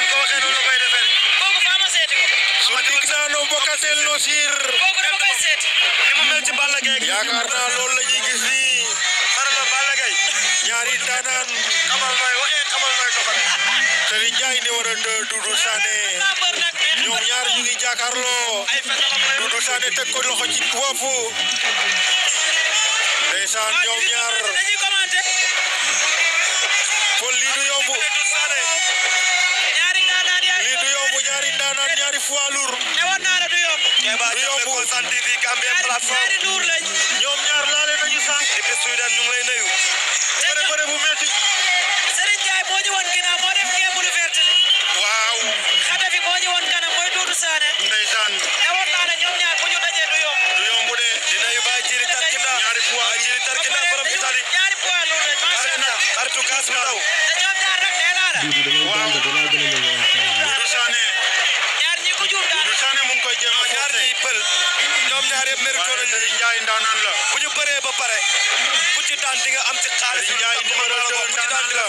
ni ko waxee noonu la koy defee. kooku faa ma seeti ko. su dig naa noo bokk a seel noo siir. kooku dama koy seeti. ni mu mel ci Balla Gaye gi. yaakaar naa loolu la ñuy gis nii. farala Balla Gaye. ñaari daanaan. xamal nooy waxee xamal nooy ko fa. te ni Ndiaye numéro 2 Doudou Sané. ñoom ñaar ñu ngi jàkkaarloo. Doudou Sané teg ko loxo ci foofu. ndeysaan ñoom ñaar. kon lii du yomb. poids lourd. ne woon naa la du yomb. Kéba Jammeh Kolsanti di Gambia plateforme ñaari luur lañ. ñoom ñaar laale nañu sànq. depuis Sudan ñu ngi lay nuyu. bëre bëre bu métti. Serigne Ndiaye moo ñu woon ginnaaw moo def ngeen bulu vert li. waaw. xame fi moo ñu woon kanam mooy Doudou Sané. ndeysaan. ne woon naa la ñoom ñaar bu ñu dajee du yomb. du yomb ñaar yëpp mérito nañ Ndiaye ndaanaan la bu ñu bëree ba paré bu ci daan di nga am ci ñu mëna Ndiaye numéro 2 ndaanaan la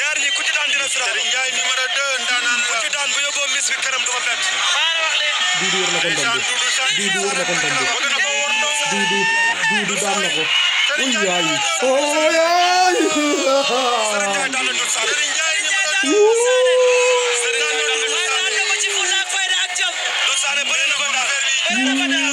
ñaar ñi ku ci daan dina final Ndiaye numéro 2 ndaanaan la bu ci daan bu yóbboo mis bi kërëm fet baara wax le di di war na ko ndam di di war na ko ndam di di di di daan na ko uy yaay Para naman na